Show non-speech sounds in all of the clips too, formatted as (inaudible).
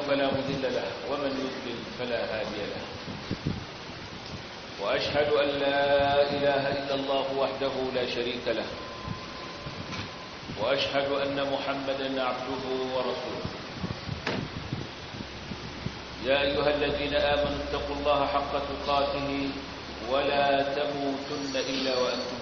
فلا مذل له ومن يذل فلا هادي له وأشهد أن لا إله إلا الله وحده لا شريك له وأشهد أن محمدا عبده ورسوله يا أيها الذين آمنوا اتقوا الله حق تقاته ولا تموتن إلا وأنتم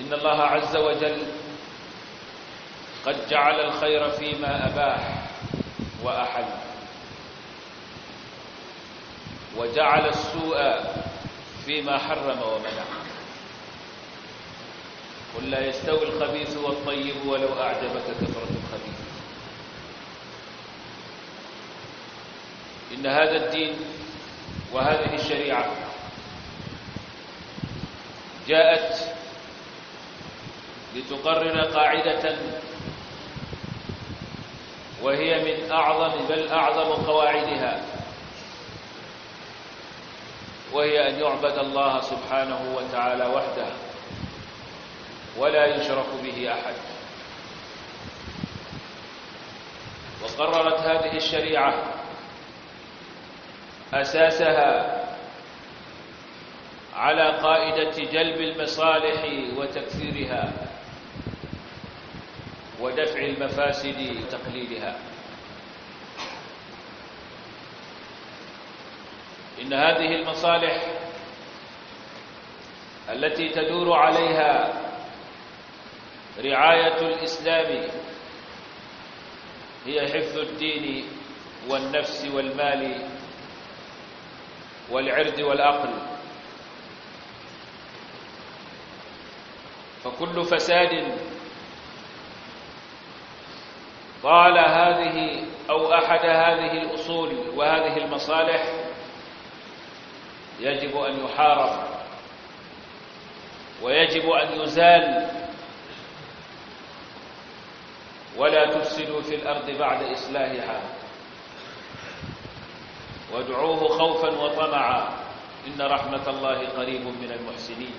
إن الله عز وجل قد جعل الخير فيما أباح وأحل وجعل السوء فيما حرم ومنع قل لا يستوي الخبيث والطيب ولو أعجبك كثرة الخبيث إن هذا الدين وهذه الشريعة جاءت لتقرر قاعدة وهي من أعظم بل أعظم قواعدها وهي أن يعبد الله سبحانه وتعالى وحده ولا يشرك به أحد وقررت هذه الشريعة أساسها على قائدة جلب المصالح وتكثيرها ودفع المفاسد تقليلها إن هذه المصالح التي تدور عليها رعاية الإسلام هي حفظ الدين والنفس والمال والعرض والأقل فكل فساد طال هذه أو أحد هذه الأصول وهذه المصالح يجب أن يحارب ويجب أن يزال ولا تفسدوا في الأرض بعد إصلاحها وادعوه خوفا وطمعا إن رحمة الله قريب من المحسنين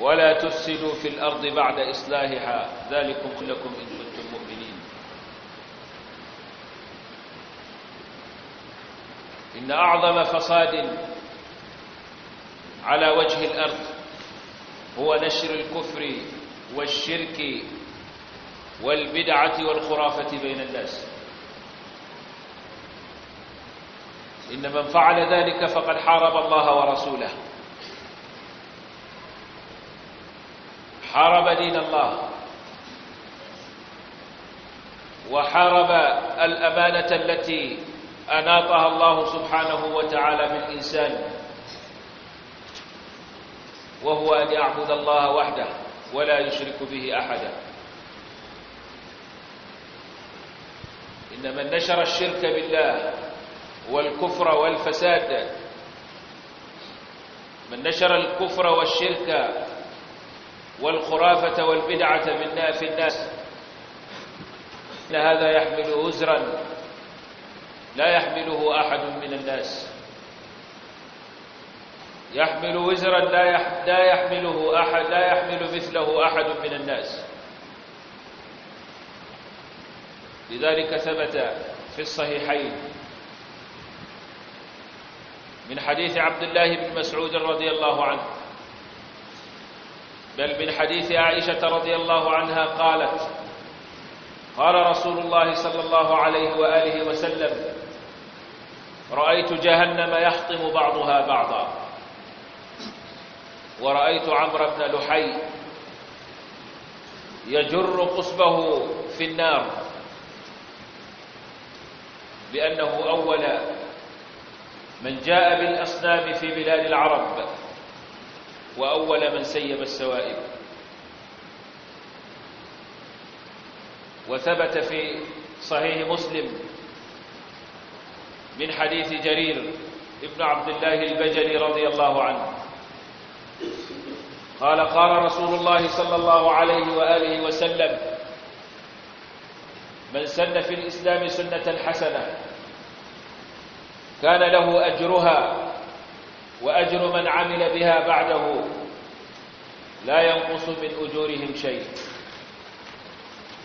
ولا تفسدوا في الأرض بعد إصلاحها ذلكم لكم إن كنتم مؤمنين إن أعظم فساد على وجه الأرض هو نشر الكفر والشرك والبدعة والخرافة بين الناس إن من فعل ذلك فقد حارب الله ورسوله حارب دين الله وحارب الأمانة التي أناطها الله سبحانه وتعالى بالإنسان وهو أن يعبد الله وحده ولا يشرك به أحدا إن من نشر الشرك بالله والكفر والفساد من نشر الكفر والشرك والخرافة والبدعة في الناس إن هذا يحمل وزرا لا يحمله أحد من الناس يحمل وزرا لا يحمله أحد لا يحمل مثله أحد من الناس لذلك ثبت في الصحيحين من حديث عبد الله بن مسعود رضي الله عنه بل من حديث عائشة رضي الله عنها قالت قال رسول الله صلى الله عليه وآله وسلم رأيت جهنم يحطم بعضها بعضا ورأيت عمرو بن لحي يجر قصبه في النار لأنه أول من جاء بالأصنام في بلاد العرب وأول من سيب السوائب وثبت في صحيح مسلم من حديث جرير ابن عبد الله البجلي رضي الله عنه قال قال رسول الله صلى الله عليه وآله وسلم من سن في الإسلام سنة حسنة كان له أجرها وأجر من عمل بها بعده لا ينقص من أجورهم شيء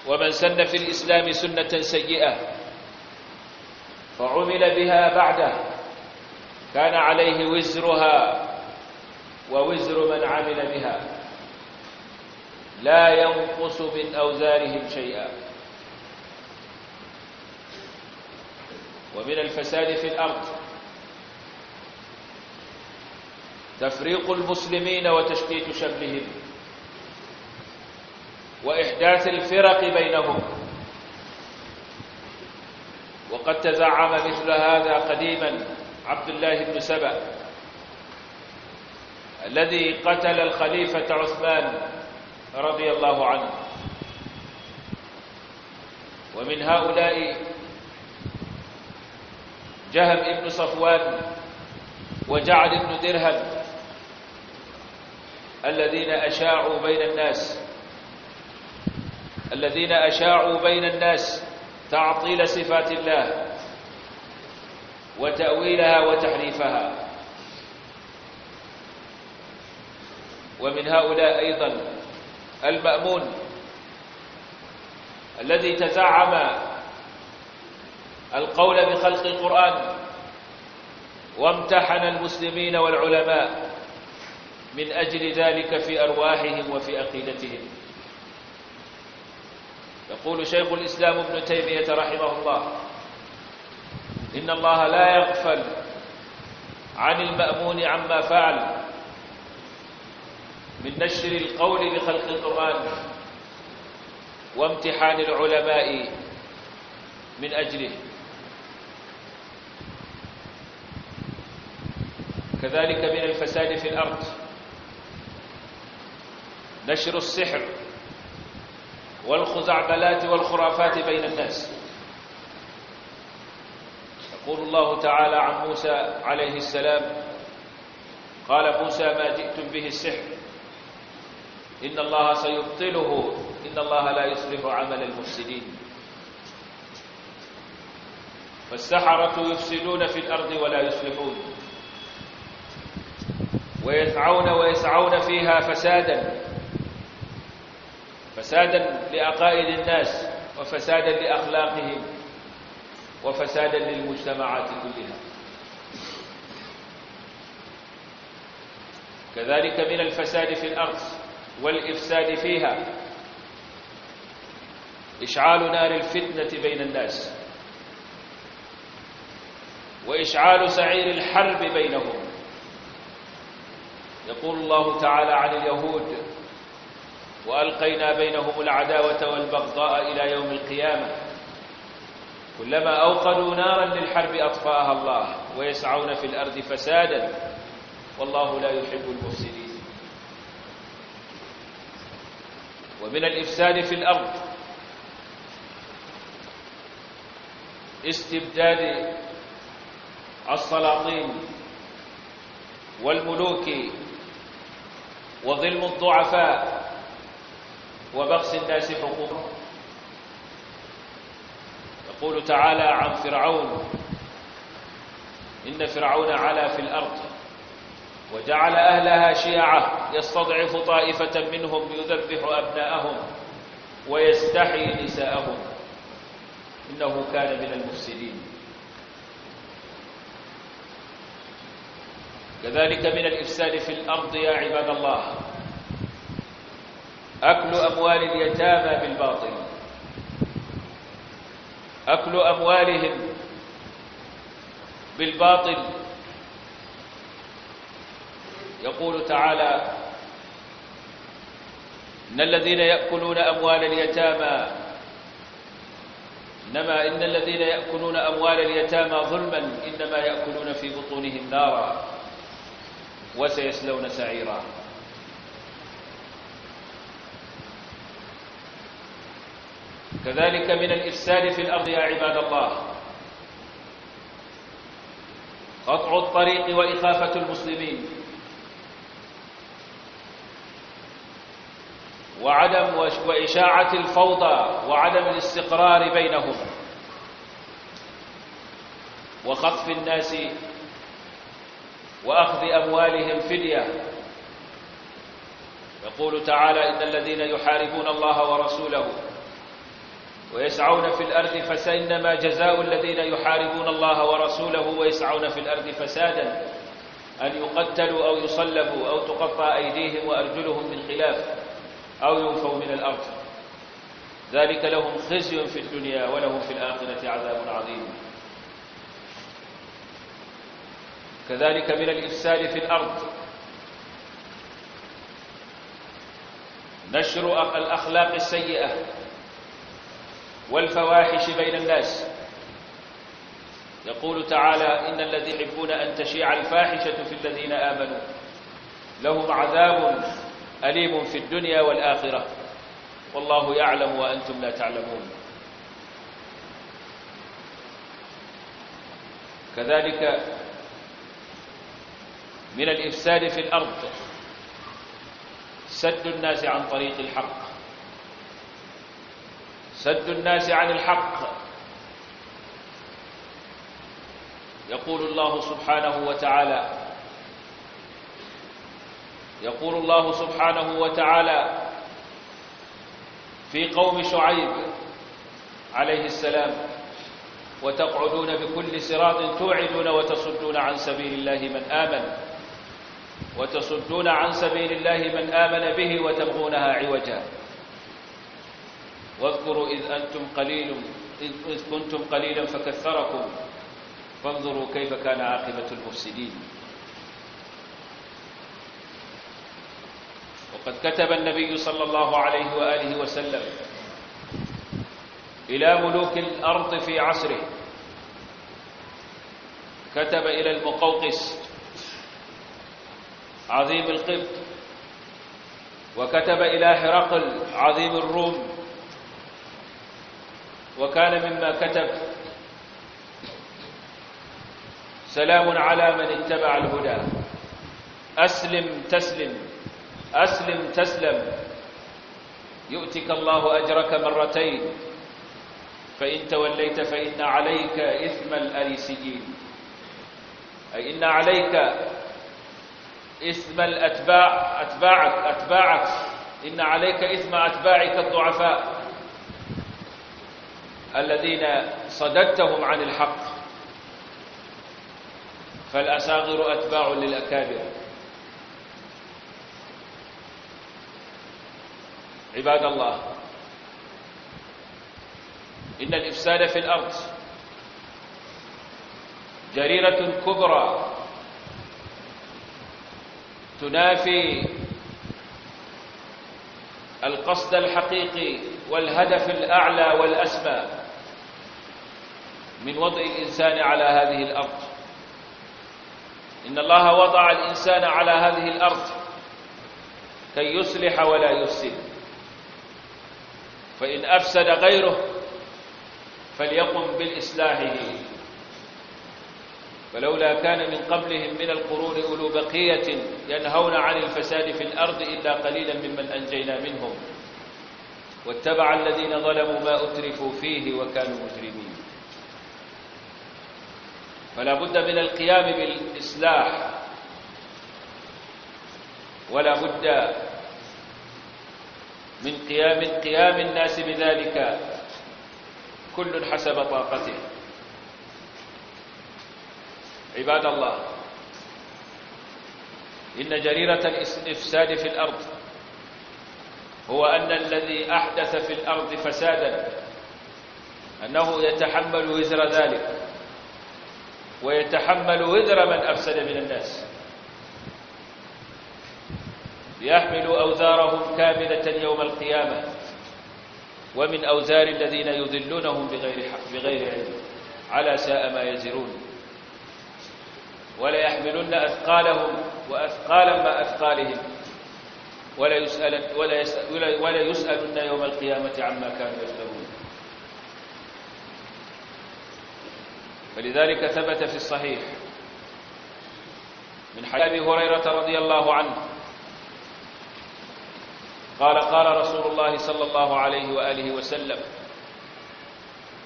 ومن سن في الإسلام سنة سيئة فعمل بها بعده كان عليه وزرها ووزر من عمل بها لا ينقص من أوزارهم شيئا ومن الفساد في الأرض تفريق المسلمين وتشتيت شملهم وإحداث الفرق بينهم وقد تزعم مثل هذا قديما عبد الله بن سبأ الذي قتل الخليفة عثمان رضي الله عنه ومن هؤلاء جهم بن صفوان وجعل بن درهم الذين أشاعوا بين الناس الذين أشاعوا بين الناس تعطيل صفات الله وتأويلها وتحريفها ومن هؤلاء أيضا المأمون الذي تزعم القول بخلق القرآن وامتحن المسلمين والعلماء من أجل ذلك في أرواحهم وفي أقيدتهم يقول شيخ الإسلام ابن تيمية رحمه الله إن الله لا يغفل عن المأمون عما فعل من نشر القول بخلق القرآن وامتحان العلماء من أجله كذلك من الفساد في الأرض نشر السحر والخزعبلات والخرافات بين الناس يقول الله تعالى عن موسى عليه السلام قال موسى ما جئتم به السحر إن الله سيبطله إن الله لا يصلح عمل المفسدين فالسحرة يفسدون في الأرض ولا يصلحون ويسعون ويسعون فيها فسادا فسادا لعقائد الناس وفسادا لأخلاقهم وفسادا للمجتمعات كلها كذلك من الفساد في الأرض والإفساد فيها إشعال نار الفتنة بين الناس وإشعال سعير الحرب بينهم يقول الله تعالى عن اليهود وألقينا بينهم العداوة والبغضاء إلى يوم القيامة كلما أوقدوا نارا للحرب أطفاها الله ويسعون في الأرض فسادا والله لا يحب المفسدين ومن الإفساد في الأرض استبداد السلاطين والملوك وظلم الضعفاء وبخس الناس حقوقهم يقول تعالى عن فرعون إن فرعون علا في الأرض وجعل أهلها شيعة يستضعف طائفة منهم يذبح أبناءهم ويستحي نساءهم إنه كان من المفسدين كذلك من الإفساد في الأرض يا عباد الله أكل أموال اليتامى بالباطل أكل أموالهم بالباطل يقول تعالى إن الذين يأكلون أموال اليتامى إنما إن الذين يأكلون أموال اليتامى ظلما إنما يأكلون في بطونهم نارا وسيسلون سعيرا كذلك من الإفساد في الأرض يا عباد الله قطع الطريق وإخافة المسلمين وعدم وإشاعة الفوضى وعدم الاستقرار بينهم وخطف الناس وأخذ أموالهم فدية يقول تعالى إن الذين يحاربون الله ورسوله ويسعون في الأرض فسإنما جزاء الذين يحاربون الله ورسوله ويسعون في الأرض فسادا أن يقتلوا أو يصلبوا أو تقطع أيديهم وأرجلهم من خلاف أو ينفوا من الأرض ذلك لهم خزي في الدنيا ولهم في الآخرة عذاب عظيم كذلك من الإفساد في الأرض نشر الأخلاق السيئة والفواحش بين الناس يقول تعالى إن الذين يحبون أن تشيع الفاحشة في الذين آمنوا لهم عذاب أليم في الدنيا والآخرة والله يعلم وأنتم لا تعلمون كذلك من الإفساد في الأرض سد الناس عن طريق الحق سد الناس عن الحق يقول الله سبحانه وتعالى يقول الله سبحانه وتعالى في قوم شعيب عليه السلام وتقعدون بكل صراط توعدون وتصدون عن سبيل الله من آمن وتصدون عن سبيل الله من آمن به وتبغونها عوجا واذكروا إذ أنتم قليل إذ كنتم قليلا فكثركم فانظروا كيف كان عاقبة المفسدين وقد كتب النبي صلى الله عليه وآله وسلم إلى ملوك الأرض في عصره كتب إلى المقوقس عظيم القبط وكتب إلى هرقل عظيم الروم وكان مما كتب سلام على من اتبع الهدى أسلم تسلم أسلم تسلم يؤتك الله أجرك مرتين فإن توليت فإن عليك إثم الأريسيين أي إن عليك إثم الأتباع أتباعك أتباعك إن عليك إثم أتباعك الضعفاء الذين صددتهم عن الحق فالأساغر أتباع للأكابر عباد الله إن الإفساد في الأرض جريرة كبرى تنافي القصد الحقيقي والهدف الأعلى والأسمى من وضع الإنسان على هذه الأرض إن الله وضع الإنسان على هذه الأرض كي يصلح ولا يفسد فإن أفسد غيره فليقم بالإصلاحه فلولا كان من قبلهم من القرون أولو بقية ينهون عن الفساد في الأرض إلا قليلا ممن أنجينا منهم واتبع الذين ظلموا ما أترفوا فيه وكانوا مجرمين فلا بد من القيام بالإصلاح ولا بد من قيام قيام الناس بذلك كل حسب طاقته عباد الله إن جريرة الإفساد في الأرض هو أن الذي أحدث في الأرض فسادا أنه يتحمل وزر ذلك ويتحمل وزر من أفسد من الناس يحمل أوزارهم كاملة يوم القيامة ومن أوزار الذين يذلونهم بغير, حق بغير علم على ساء ما يزرون وليحملن أثقالهم وأثقالا ما أثقالهم ولا يسألن, ولا يسألن, يوم القيامة عما كانوا يكذبون فلذلك ثبت في الصحيح من حديث أبي هريرة رضي الله عنه قال قال رسول الله صلى الله عليه وآله وسلم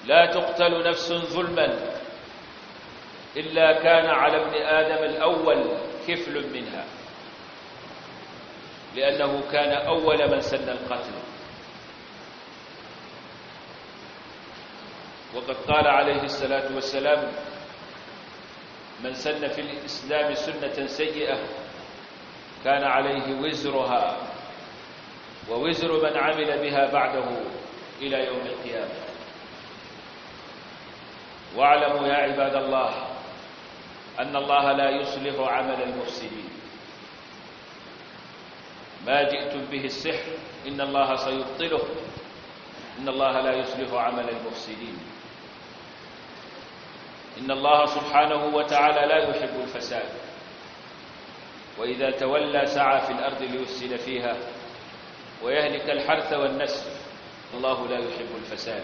لا تقتل نفس ظلما إلا كان على ابن آدم الأول كفل منها لأنه كان أول من سن القتل وقد قال عليه الصلاة والسلام من سن في الإسلام سنة سيئة كان عليه وزرها ووزر من عمل بها بعده إلى يوم القيامة واعلموا يا عباد الله أن الله لا يصلح عمل المفسدين ما جئتم به السحر إن الله سيبطله إن الله لا يصلح عمل المفسدين إن الله سبحانه وتعالى لا يحب الفساد وإذا تولى سعى في الأرض ليفسد فيها ويهلك الحرث والنسل الله لا يحب الفساد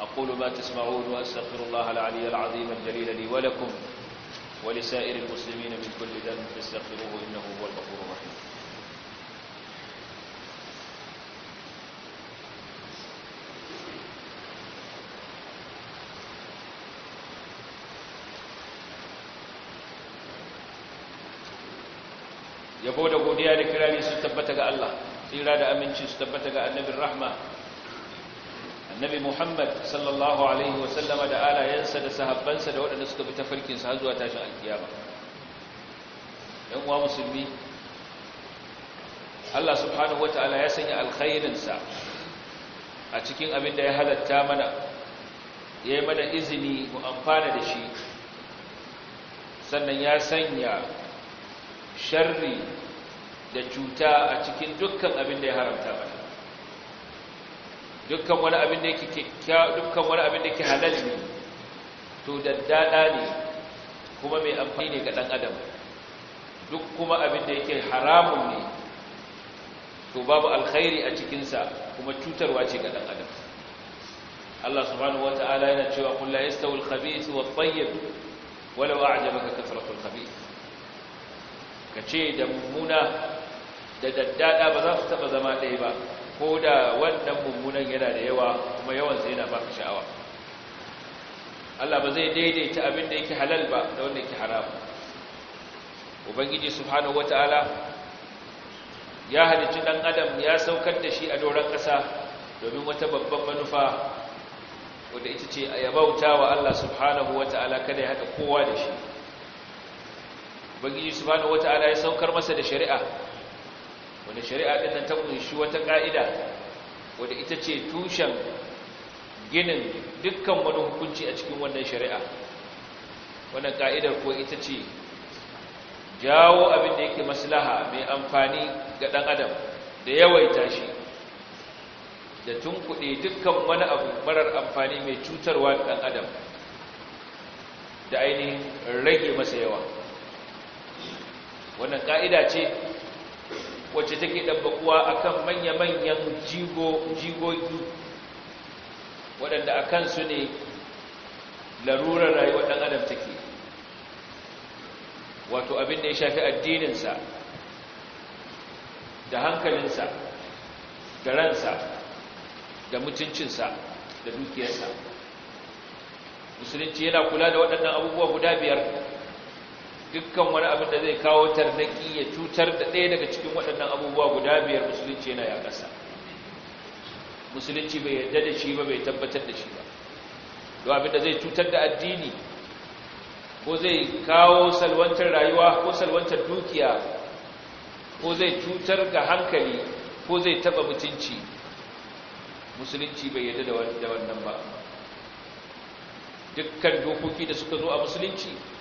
أقول ما تسمعون وأستغفر الله العلي العظيم الجليل لي ولكم ولسائر المسلمين من كل ذنب فاستغفروه إنه هو الغفور الرحيم godiya da kirari su tabbata ga Allah tsira da aminci su tabbata ga annabin rahma annabi Muhammad sallallahu alaihi wasallama da alayensa da sahabbansa da waɗanda suka bi farkinsa, sa zuwa tashin alkiyama yan musulmi Allah subhanahu wataala ya sanya alkhairinsa a cikin abin da ya halatta mana ya yi mana izini mu amfana da shi sannan ya sanya sharri da cuta a cikin dukkan abin da ya haramta ba, dukkan wani abin da yake dukkan wani abin da yake halal ne to daddada ne kuma mai amfani ne ga dan adam duk kuma abin da yake haramun ne to babu alkhairi a cikin sa kuma cutarwa ce ga dan adam Allah subhanahu wataala yana cewa qul la yastawi al-khabith wat-tayyib walau a'jabaka kathratu al-khabith kace da mummuna da daddada ba za su taba zama ɗaya ba ko da wannan mummunan yana da yawa kuma yawan na ba ka sha'awa Allah ba zai daidaita abin da yake halal ba da wanda yake haram ubangiji subhanahu wataala ya halicci dan adam ya saukar da shi a doron ƙasa domin wata babban manufa wanda ita ce a bauta wa Allah subhanahu wataala kada ya haɗa kowa da shi ubangiji subhanahu wataala ya saukar masa da shari'a wanda shari'a ɗin nan ta kunshi wata ka'ida wadda ita ce tushen ginin dukkan wani hukunci a cikin wannan shari'a wannan ka'idar ko ita ce jawo abin da yake maslaha mai amfani ga ɗan adam da yawaita shi da tunkuɗe dukkan wani abu marar amfani mai cutarwa ga ɗan adam da ainihin rage masa yawa wannan ka'ida ce wacce take ɗabbakuwa a kan manya-manyan jigogi waɗanda a su ne larurar rayuwar ɗan adam take wato abin da ya shafi addininsa da hankalinsa da ransa da mutuncinsa da dukiyarsa musulunci yana kula da waɗannan abubuwa guda biyar dukkan wani abin da zai kawo tarnaki ya cutar da ɗaya daga cikin waɗannan abubuwa guda biyar musulunci yana ya ƙasa musulunci bai yarda da shi ba bai tabbatar da shi ba don abin da zai cutar da addini ko zai kawo salwantar rayuwa ko salwantar dukiya ko zai cutar ga hankali ko zai taɓa mutunci musulunci bai yarda da wannan ba dukkan dokoki da suka zo a musulunci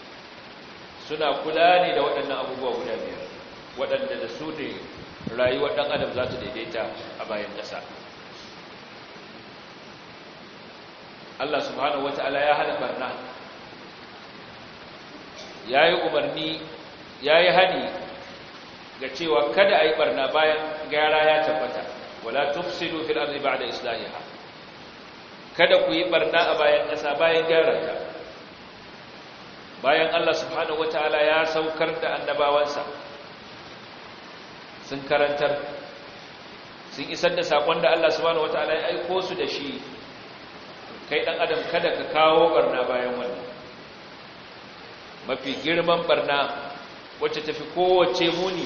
suna kula ne da waɗannan abubuwa guda biyar waɗanda da su ne rayuwar ɗan adam za su daidaita a bayan ƙasa Allah subhanahu ta'ala ya hana barna ya yi umarni ya yi hani ga cewa kada a yi barna bayan gara ya tabbata wala tufsidu fil ardi ba'da islahiha kada ku yi barna a bayan ƙasa bayan gyara ta bayan Allah subhanahu wataala ya saukar da annabawansa sun karantar sun isar da sakon da Allah subhanahu wataala ya aiko su da shi kai dan adam kada ka kawo barna bayan wannan mafi girman barna wacce tafi kowace muni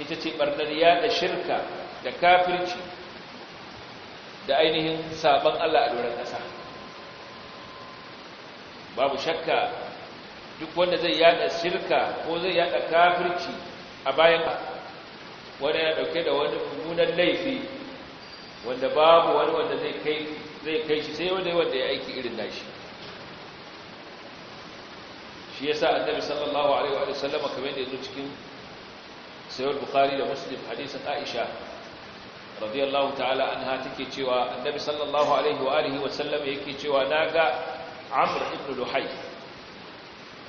ita ce barnar yada shirka da kafirci da ainihin sabon Allah a doron ƙasa babu shakka duk wanda zai yada shirka ko zai yada kafirci a bayan wanda ya dauke da wani mummunan laifi wanda babu wani wanda zai kai zai kai shi sai wanda wanda ya aiki irin nashi shi yasa annabi sallallahu alaihi wa sallam kamar da yazo cikin sayyid bukhari da muslim hadisin aisha radiyallahu ta'ala anha take cewa annabi sallallahu alaihi wa alihi wa sallam yake cewa naga amr ibn luhai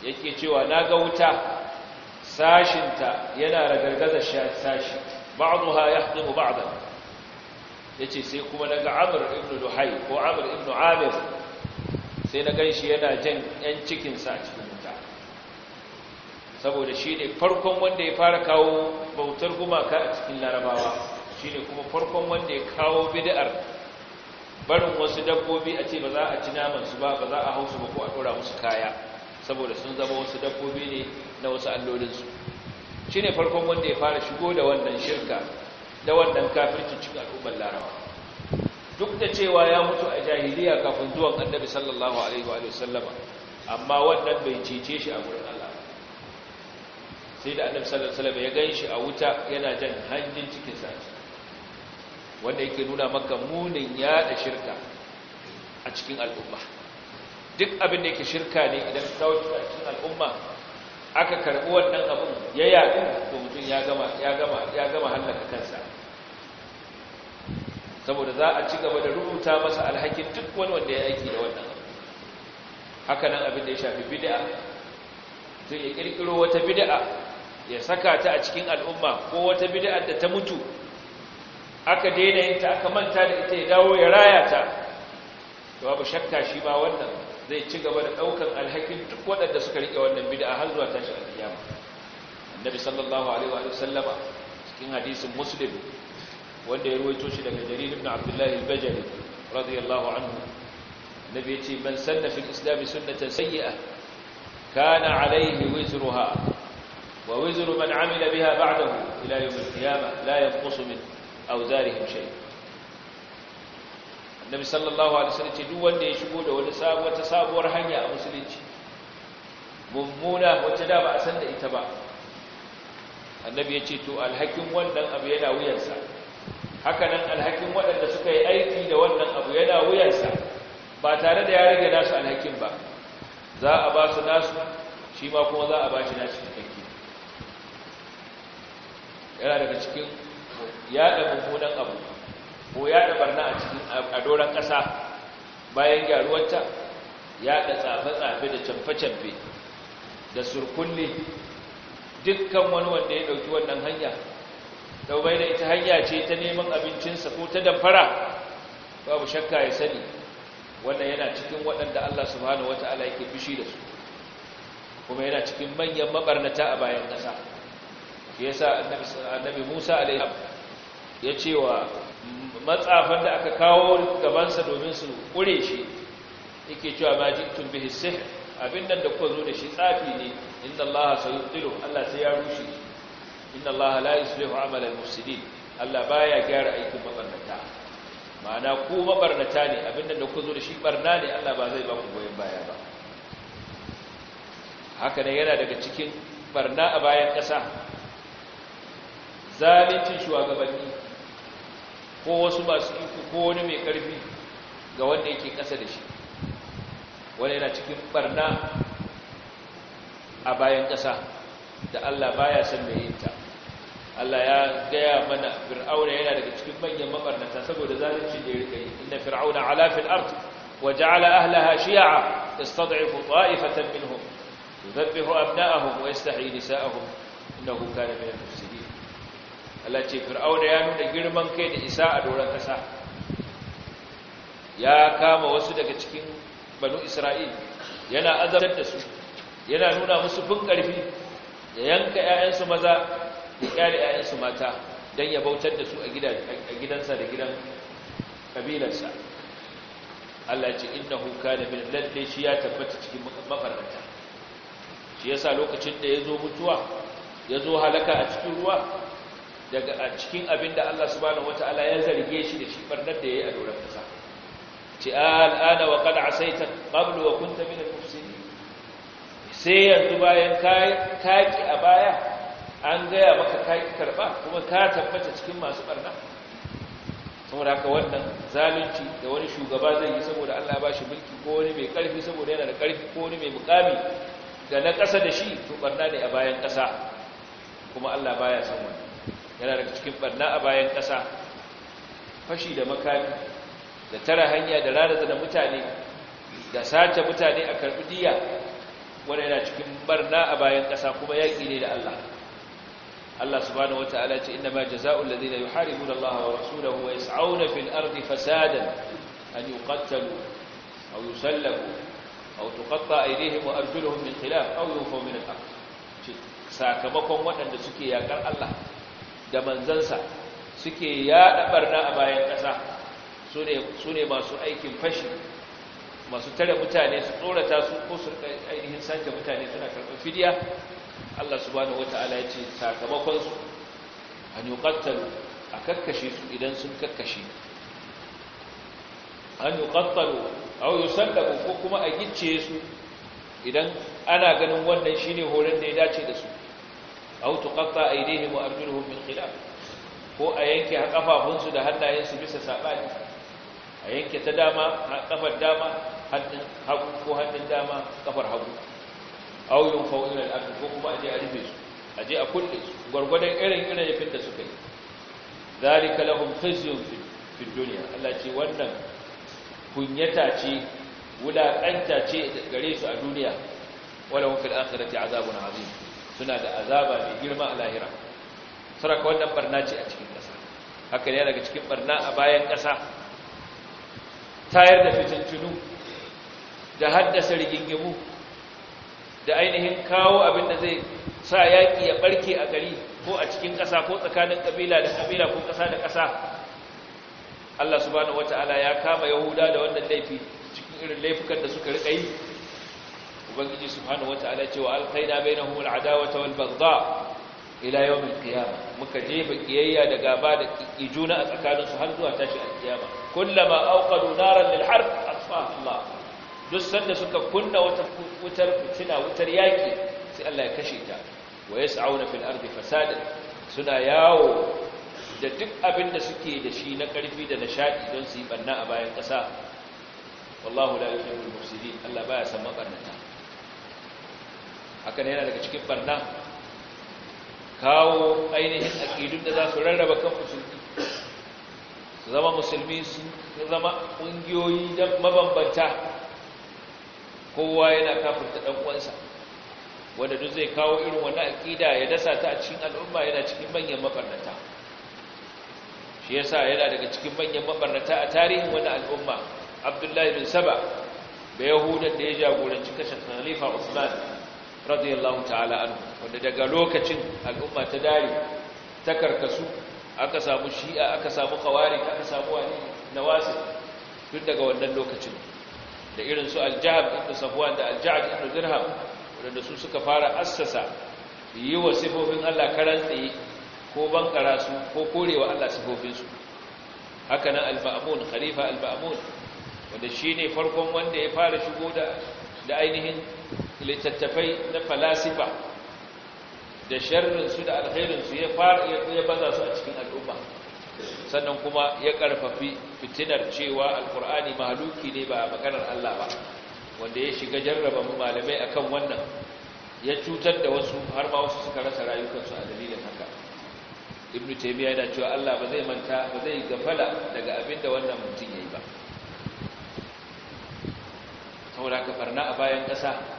yake cewa na ga wuta sashinta yana ragargaza sashi ba'daha yahdimu ba'da yace sai kuma naga amr ibn luhai ko amr ibn amir sai na ganshi yana jan yan cikin sa a cikin wuta saboda shine farkon wanda ya fara kawo bautar gumaka a cikin larabawa shine kuma farkon wanda ya kawo bid'ar barin wasu dabbobi a ce ba za a ci naman su ba ba za a hausu ba ko a dora musu kaya saboda sun zama wasu dabbobi ne na wasu allolin su ne farkon wanda ya fara shigo da wannan shirka da wannan kafirci cikin al'ummar larawa duk da cewa ya mutu a jahiliya kafin zuwan annabi sallallahu alaihi wa sallama amma wannan bai cece shi a gurin Allah sai da annabi sallallahu alaihi wa ya ganshi a wuta yana jan hanjin cikin sa wanda yake nuna maka munin yada shirka a cikin al'umma duk abin da yake shirka ne idan ta a cikin al'umma aka karbi wannan abin ya yaɗu ko mutum ya gama ya gama ya gama kansa saboda za a ci gaba da rubuta masa alhakin duk wani wanda ya aiki da wannan haka nan abin da ya shafi bid'a zai ya kirkiro wata bid'a ya saka ta a cikin al'umma ko wata bid'a da ta mutu aka daina yin ta aka manta da ita ya dawo ya raya ta to babu shakka shi ba wannan zai ci gaba da daukar alhakin duk waɗanda suka rike wannan bid'a har zuwa tashin alkiyama annabi sallallahu alaihi wa sallama cikin hadisin muslim wanda ya ruwaito shi daga jarir ibn abdullah al-bajali radiyallahu anhu annabi yace man sanna fil islam sunnatan sayyi'ah kana alaihi wizruha wa wizru man amila biha ba'dahu ila yawm al-qiyamah la yanqus minhu auzarihim shay annabi sallallahu alaihi wasallam ce duk wanda ya shigo da wani sabuwar sabuwar hanya a musulunci mummuna wacce da ba a san da ita ba annabi ya ce to alhakin wannan abu yana wuyansa haka nan alhakin waɗanda suka yi aiki da wannan abu yana wuyansa ba tare da ya rage nasu alhakin ba za a ba su nasu shi ma kuma za a ba shi nasu cikakke yana daga cikin yaɗa mummunan abu ko yaɗa barna a cikin adoran ƙasa bayan gyaruwarta yaɗa tsafe-tsafe da camfe-camfe da surkulle dukkan wani wanda ya ɗauki wannan hanya bai da ita hanya ce ta neman abincinsa ko ta damfara babu shakka ya sani wannan yana cikin waɗanda Allah subhanahu wata'ala yake fushi da su kuma yana cikin manyan mabarnata a bayan ƙasa ke yasa annabi Musa alaihi ya ce wa matsafan da aka kawo gabansa domin su ƙure shi yake cewa ma ji bihi sihr abin nan da kuka zo da shi tsafi ne inna allaha tsiro allah sai ya rushe inna allaha la su amal al musulmi allah ba ya gyara aikin mabarnata ma'ana ku mabarnata ne abin nan da kuka zo da shi barna ne allah ba zai ba ku baya ba haka ne yana daga cikin barna a bayan ƙasa zalincin shugabanni ko wasu masu iko ko wani mai karfi ga wanda yake kasa da shi wani yana cikin barna a bayan kasa da Allah baya san mai yinta Allah ya gaya mana fir'auna yana daga cikin manyan mabarnata saboda zalunci da ya rika yi inna fir'auna ala fil ard wa ja'ala ahlaha shi'a istad'ifu ta'ifatan minhum yudabbihu abna'ahum wa yastahyi nisa'ahum innahu kana min al-mufsidin Allah ce fir'auna ya nuna girman kai da isa a doron kasa ya kama wasu daga cikin banu isra'il yana azabtar da su yana nuna musu bin ƙarfi ya yanka 'ya'yansu maza da ƙyale 'ya'yansu mata don ya bautar da su a gidansa da gidan ƙabilarsa Allah ce innahu kana min lalle shi ya tabbata cikin mafarkata shi yasa lokacin da ya zo mutuwa ya zo halaka a cikin ruwa daga a cikin abin da Allah subhanahu ta’ala ya zarge shi da shi barnar da yayi a doron kasa ce ana wa qad asaita qablu wa kunta min al-mufsidin sai yanzu bayan kai kaki a baya an gaya maka kaki karba kuma ka tabbata cikin masu barna saboda haka wannan zalunci da wani shugaba zai yi saboda Allah ya bashi mulki ko wani mai karfi saboda yana da karfi ko wani mai mukami da na ƙasa da shi to barna ne a bayan ƙasa kuma Allah baya son wani. yana daga cikin barna a bayan ƙasa fashi da makami da tara hanya da lalata da mutane da sace mutane a karɓi diya wanda yana cikin barna a bayan ƙasa kuma yaƙi ne da Allah Allah subhanahu wataala ce inna ma jazaa'u alladhina yuharibuna Allah wa rasulahu wa yas'auna fil ardi fasadan an yuqattalu aw yusallabu aw tuqatta aydihim wa arjuluhum min khilaf aw yunfaw min al sakamakon waɗanda suke yaƙar Allah da manzansa suke yaɗa barna a bayan ƙasa su ne masu aikin fashi masu tare mutane su tsorata su ko su ainihin sake mutane suna karɓar fidiya Allah subhanahu wata'ala ya ce sakamakonsu an yi a karkashe su idan sun a an yi au yi ko kuma a gicce su idan ana ganin wannan shine horon da ya dace da su aw tuqatta aydihim wa arjuluhum min khilaf ko a yanke kafafunsu da hannayensu bisa sabani a yanke ta dama kafar dama hannun hagu ko hannun dama kafar hagu aw yunfau ila al-ard ko kuma aje a rufe su aje a kulle su gurgurdan irin irin yafin da suka yi zalika lahum khizyun fi dunya Allah ce wannan kunyata ce wulaƙanta ce gare su a duniya wala hum fil akhirati azabun azim suna da azaba mai girma a lahira saraka wannan barna ce a cikin ƙasa haka ne daga cikin barna a bayan ƙasa tayar da fitattunu da haddasa rigingimu da ainihin kawo abin da zai sa yaƙi ya ɓarke a gari ko a cikin ƙasa ko tsakanin ƙabila da ƙabila ko ƙasa da ƙasa Allah subhanahu wata'ala ya kama Yahuda da wannan laifi cikin irin laifukan da suka riƙa yi ubangiji subhanahu wataala cewa alqaina bainahum al'adawata wal baghdha ila yawm al muka jefa kiyayya da gaba da kijuna a tsakanin su har zuwa tashi al-qiyama kullama awqadu naran lil harb Allah duk sanda suka kunna wata wutar fitina wutar yaki sai Allah ya kashe ta wa yas'auna fil ardi fasada suna yawo da duk abin da suke da shi na karfi da nishadi don su yi banna a bayan ƙasa wallahu la yuhibbul mufsidin Allah baya san mabarnata haka yana daga cikin barna kawo ainihin aƙidun da za su rarraba kan musulmi su zama musulmi su zama ƙungiyoyi don mabambanta kowa yana kafin ɗan uwansa wanda duk zai kawo irin wani aƙida ya dasa ta a cikin al'umma yana cikin manyan mabarnata shi yasa yana daga cikin manyan mabarnata a tarihin wani al'umma abdullahi bin saba da yahudan da ya jagoranci kashe khalifa usman radiyallahu ta'ala anhu wanda daga lokacin al'umma ta dare ta karkasu aka samu shi'a aka samu khawarij aka samu wani nawasi duk daga wannan lokacin da irin su al-jahab da safwan da al-ja'd da dirham wanda su suka fara assasa yi wa sifofin Allah karan tsaye ko bankara su ko korewa Allah sifofin su haka nan al-ba'mun khalifa al-ba'mun wanda shine farkon wanda ya fara shigo da da ainihin littattafai na falasifa da sharrinsu da su ya fara ya baza su a cikin al'umma sannan kuma ya karfafi fitinar cewa alkur'ani mahaluki ne ba maganar Allah ba wanda ya shiga jarraba mu malamai akan wannan ya cutar da wasu har ma wasu suka rasa rayukansu a dalilin haka ibnu taymiya yana cewa Allah ba zai manta ba zai gafala daga abin da wannan mutum yayi ba saboda ka farna a bayan ƙasa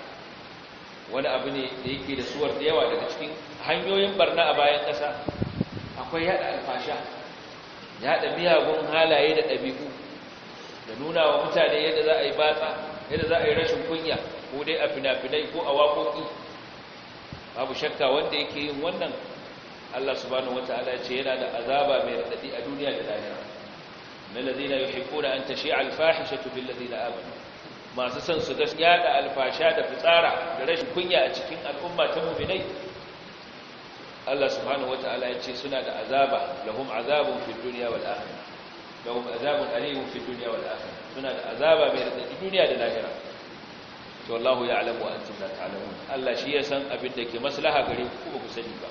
wani abu ne da yake da suwar da yawa daga cikin hanyoyin barna a bayan ƙasa akwai yada alfasha yada miyagun halaye da ɗabi'u da nuna wa mutane yadda za a yi batsa yadda za a yi rashin kunya ko dai a fina-finai ko a waƙoƙi babu shakka wanda yake yin wannan Allah subhanahu wata'ala ce yana da azaba mai raɗaɗi a duniya da lahira na lazina yuhibbuna an tashi'a al bil ladina amanu masu son su gaskiya da alfasha da fitsara da rashin kunya a cikin al'umma ta mu'minai Allah subhanahu wataala ya ce suna da azaba lahum azabun fid dunya wal akhirah lahum azabun alim fid dunya wal suna da azaba mai radadi duniya da lahira to wallahu ya alamu an la ta'lamun Allah shi ya san abin da ke maslaha gare ku ba ku sani ba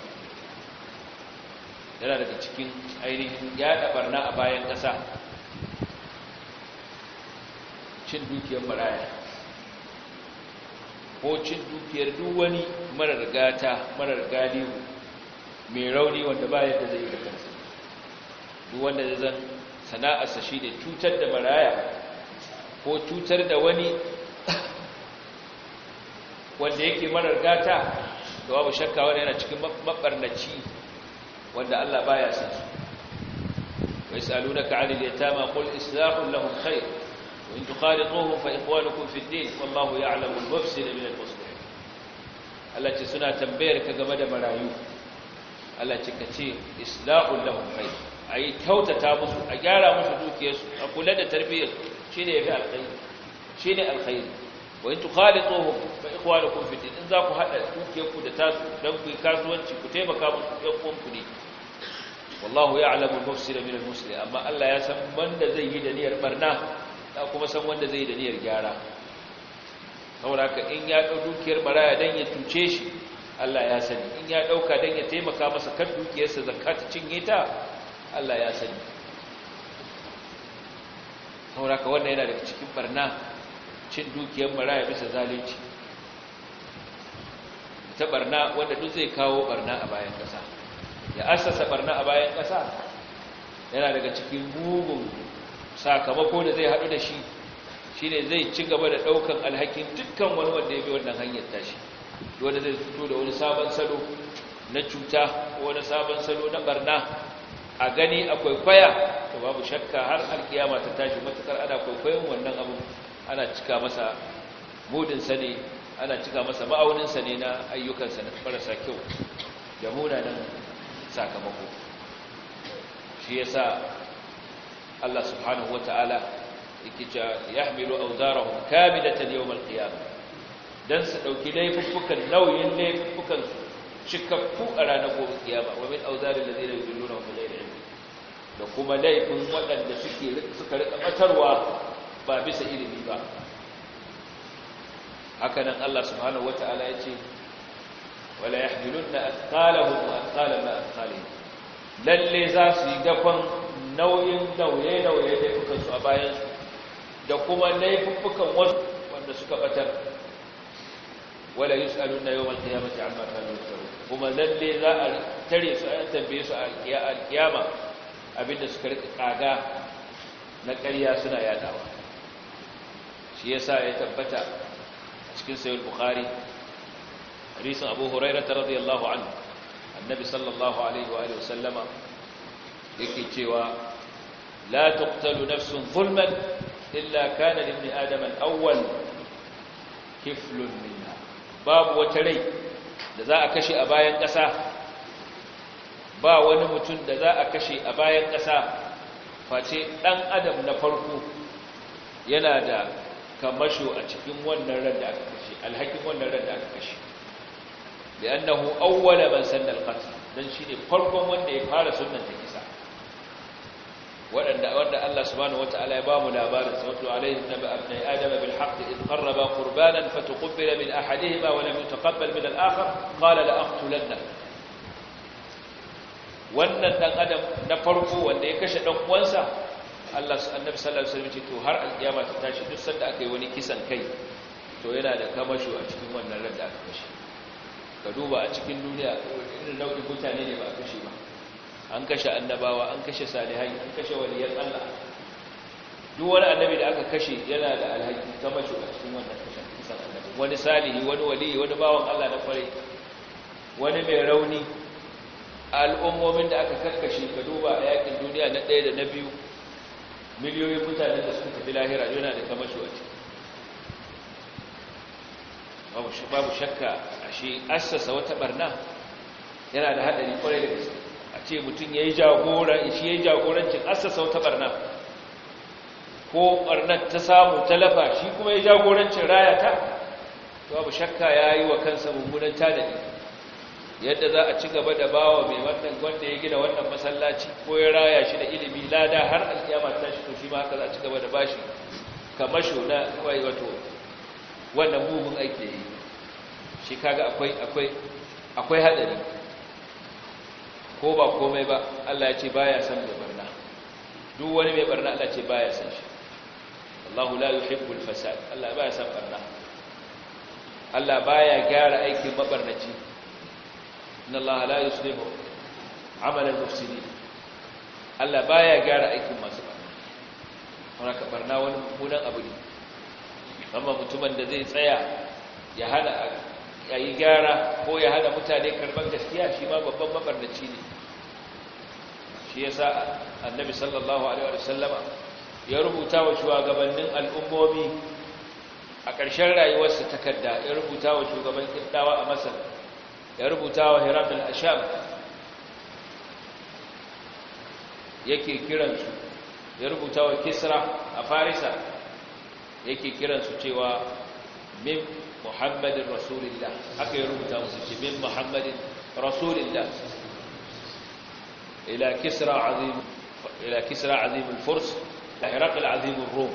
yana daga cikin ainihin yada barna a bayan kasa cin dukiyar maraya ko cin dukiyar duk wani marar gata marar galihu mai rauni wanda ba yadda zai da kansa duk wanda zai zan sana'arsa shi ne cutar da maraya ko cutar da wani (coughs) wanda yake marar gata da babu shakka wani yana cikin mabarnaci wanda Allah baya sa su wa yasalunaka 'anil yatama kul islahun lahum khair وإن تخالطوه فإخوانكم في الدين والله يعلم المفسد من المصلح Allah ce suna tambayar ka game da marayu Allah ce ka ce isla'ul lahum khair ayi tautata musu a gyara musu dukiyarsu a kula da tarbiyyar shine yafi alkhairi shine alkhairi wa in tukhalituhum fa ikhwanukum fi din za ku hada dukiyarku da tasu dan ku kasuwanci ku taimaka musu ɗan uwanku ne amma Allah ya san wanda zai yi da niyyar barna Da kuma san wanda zai da niyyar gyara saboda haka in ya ɗau dukiyar maraya dan ya tuce shi Allah ya sani in ya ɗauka dan ya taimaka masa kan dukiyarsa sa ta cinye ta Allah ya sani saboda ka wannan yana daga cikin barna cin dukiyar maraya bisa zalunci ta barna wanda duk zai kawo barna a bayan kasa, ya assasa barna a bayan kasa yana daga cikin mugun sakamako da zai haɗu da shi shi ne zai ci gaba da ɗaukan alhakin dukkan wani wanda ya bi wannan hanyar tashi wanda zai fito da wani sabon salo na cuta ko wani sabon salo na barna a gani akwai kwaya to babu shakka har alkiyama ta tashi matukar ana kwaikwayon wannan abu ana cika masa mudin ne ana cika masa ma'aunin sa ne na ayyukansa sa na farasa kyau da munanan sakamako shi yasa Allah subhanahu wa ta'ala wata'ala yake cewa yahmilu awzarahum da yawm al ƙiyama. dan su ɗauki laifuffukan nauyin laifuffukan cikakku a ranar gobe kiyama wa min awzaril ladina yudilluna wa ghayri ilmi da kuma laifin waɗanda suka riƙa batarwa ba bisa ilimi ba haka nan Allah subhanahu wa ta'ala ya ce wala yahmilunna athqalahum wa athqala ma athqalihim lalle za su yi gafan nauyin dauye-dauye su a bayan su, da kuma laifukan wasu wanda suka batar wala yi tsarin na yawan kiyamata amma kanu tsaro kuma lalle za a tare su a tambaye su a kiyama abinda suka rika kaga na ƙarya suna yadawa shi yasa ya tabbata cikin sayar bukhari hadisin abu hurairah radiyallahu anhu annabi sallallahu alaihi wa sallama yake cewa لا تقتل نفس ظلما إلا كان لابن آدم الأول كفل منها باب وتري da za a kashe a bayan ƙasa ba wani mutum da za a kashe a bayan ƙasa face ɗan adam na farko yana da kamasho a cikin wannan ran da aka kashe alhakin wannan ran da aka kashe da annahu auwala ban sanna al-qatl dan shine farkon wanda ya fara sunnan ta kisa waɗanda wanda Allah subhanahu wataala ya bamu labarin sautu alaihi nabi abni adam bil haqq id qarraba qurbanan fatuqbila min ahadihima wa lam yutaqabbal min al-akhar qala la aqtulanna wannan ɗan adam na farko wanda ya kashe ɗan uwansa Allah annabi sallallahu alaihi wasallam ce to har alkiyama ta tashi duk sanda aka yi wani kisan kai to yana da kamasho a cikin wannan ran da aka kashe ka duba a cikin duniya irin nau'in mutane ne ba a kashe ba an kashe annabawa an kashe salihai an kashe waliyar Allah duk wani annabi da aka kashe yana da alhaki ta mace a cikin wannan kashe kisan annabi wani salihi wani wali wani bawan Allah na kware wani mai rauni al'ummomin da aka karkashe ka duba a yakin duniya na ɗaya da na biyu miliyoyin mutane da suka tafi lahira yana da kamashi a ciki babu shakka a shi assasa wata barna yana da haɗari kwarai da gaske a ce mutum ya yi jagoran shi ya yi jagorancin asasau ta barna ko barnar ta samu talafa shi kuma ya yi jagorancin raya ta babu shakka ya yi wa kansa mummunan tanadi yadda za a ci gaba da bawa mai wannan wanda ya gina wannan masallaci ko ya raya shi da ilimi lada har alkiyama ta shi to shi ma za a ci gaba da bashi kamasho na kawai wato wannan mugun aiki shi kaga akwai akwai akwai hadari ko ba komai ba Allah ya ce ba ya san mai barna duk wani mai barna Allah ce ba ya san shi Allahu la yuhibbul fasad Allah ya san barna Allah baya gyara aikin mabarnaci inna Allah la yuslihu amalan mufsidin Allah baya gyara aikin masu barna wanda ka barna wani mummunan abu ne amma mutumin da zai tsaya ya hana ya yi gyara ko ya hada mutane karban gaskiya shi ma babban mafarnaci ne shi ya sa annabi sallallahu alaihi wa sallama ya rubuta wa shugabannin al'ummomi a ƙarshen rayuwarsa takarda ya rubuta wa shugaban ƙirɗawa a masar ya rubuta wa hiram al-asham yake kiransu ya rubuta wa kisra a farisa yake kiransu cewa محمد رسول الله أكيرون توصفه من محمد رسول الله إلى كسرى عظيم إلى كسرى عظيم الفرس إلى هرقل عظيم الروم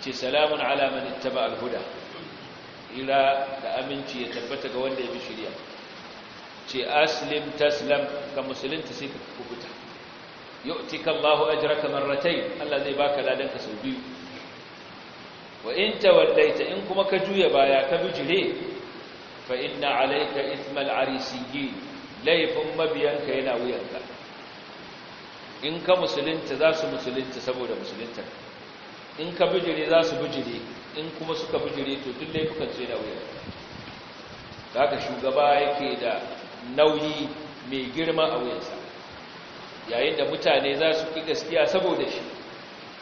سلام على من اتبع الهدى إلى أمن تي يتفتك وانا تي أسلم تسلم كمسلم تسيك كبتا يؤتك الله أجرك مرتين الذي باك لا دنك سوبيه wa in tawallaita in kuma ka juya baya ka bijire fa inna alayka ithmal arisiyyi laifin mabiyanka yana wuyanka in ka musulunta za su musulunta saboda musulunta in ka bijire za su bijire in kuma suka bijire to duk laifukan su yana wuyanka haka shugaba yake da nauyi mai girma a wuyansa yayin da mutane za su ƙi gaskiya saboda shi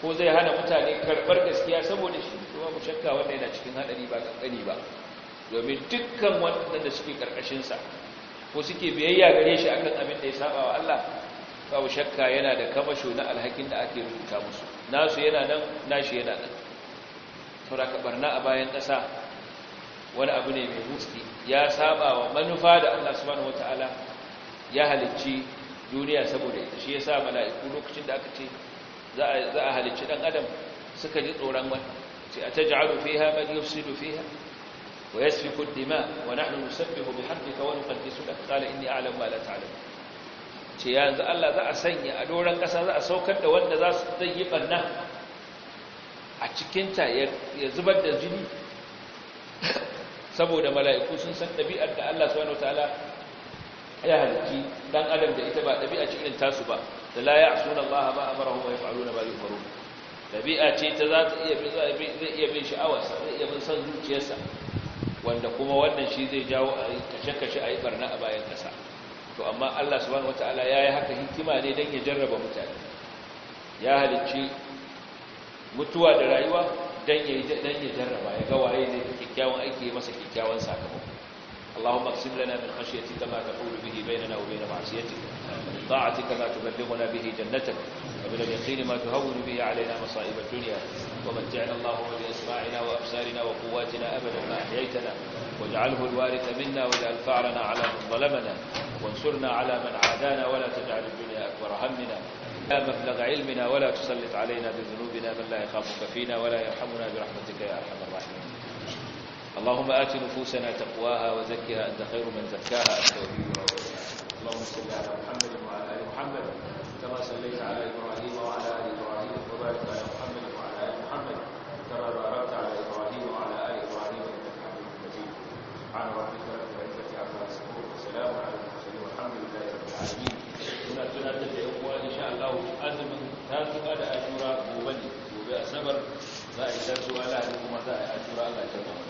ko zai hana mutane karɓar gaskiya saboda shi babu shakka wanda yana cikin hadari ba kankani ba domin dukkan da suke karkashinsa ko suke biyayya gare shi akan abin da ya saba wa Allah babu shakka yana da kamasho na alhakin da ake rubuta musu nasu yana nan nashi yana nan ka barna a bayan ƙasa wani abu ne mai hutsi ya saba wa manufa da Allah subhanahu wataala ya halicci duniya saboda ita shi yasa mala'iku lokacin da aka ce za a halicci dan adam suka ji tsoron wannan أتجعل فيها من يفسد فيها ويسفك الدماء ونحن نسبح بحمدك ونقدس لك قال إني أعلم ما لا تعلم تيان يعني ذا الله ذا أسنى أدورا قصا ذا أسوكا وأن ذا سطيق النهر أتكنت يزبد الجني سبو دم لا نبي أدى الله سبحانه وتعالى يا هلكي دان ألم دا إتبع نبي أتكنت تاسبا لا يعصون الله ما أمرهم ويفعلون ما يفعلون ɗabi'a ce ta za ta iya bin zai iya bin sha'awarsa zai iya bin son zuciyarsa wanda kuma wannan shi zai jawo a yi kashe-kashe a yi barna a bayan kasa. to amma Allah subhanahu wata'ala ya yi haka hikima ne don ya jarraba mutane ya halicci mutuwa da rayuwa don ya jarraba ya ga waye zai kyakkyawan aiki masa kyakkyawan sakamako اللهم اقسم لنا من خشيتك ما تحول به بيننا وبين معصيتك ومن طاعتك ما تبلغنا به جنتك ومن اليقين ما تهون به علينا مصائب الدنيا ومتعنا اللهم بأسماعنا وأبصارنا وقواتنا أبدا ما أحييتنا واجعله الوارث منا واجعل فعلنا على من ظلمنا وانصرنا على من عادانا ولا تجعل الدنيا أكبر همنا لا مبلغ علمنا ولا تسلط علينا بذنوبنا من لا يخافك فينا ولا يرحمنا برحمتك يا أرحم الراحمين اللهم آت نفوسنا تقواها وزكها أنت خير من زكاها أنت وليها اللهم صل على محمد وعلى آل محمد كما صليت على إبراهيم وعلى آل إبراهيم وبارك على محمد وعلى آل محمد كما باركت على إبراهيم وعلى آل إبراهيم إنك حميد مجيد سبحان ربك رب العزة عما يصفون وسلام على المرسلين والحمد لله رب العالمين هنا تنادى الأخوة إن شاء الله أزم تاسو أدى أجورا مبني وبأسبر ذلك تاسو ألا أجورا ألا أجورا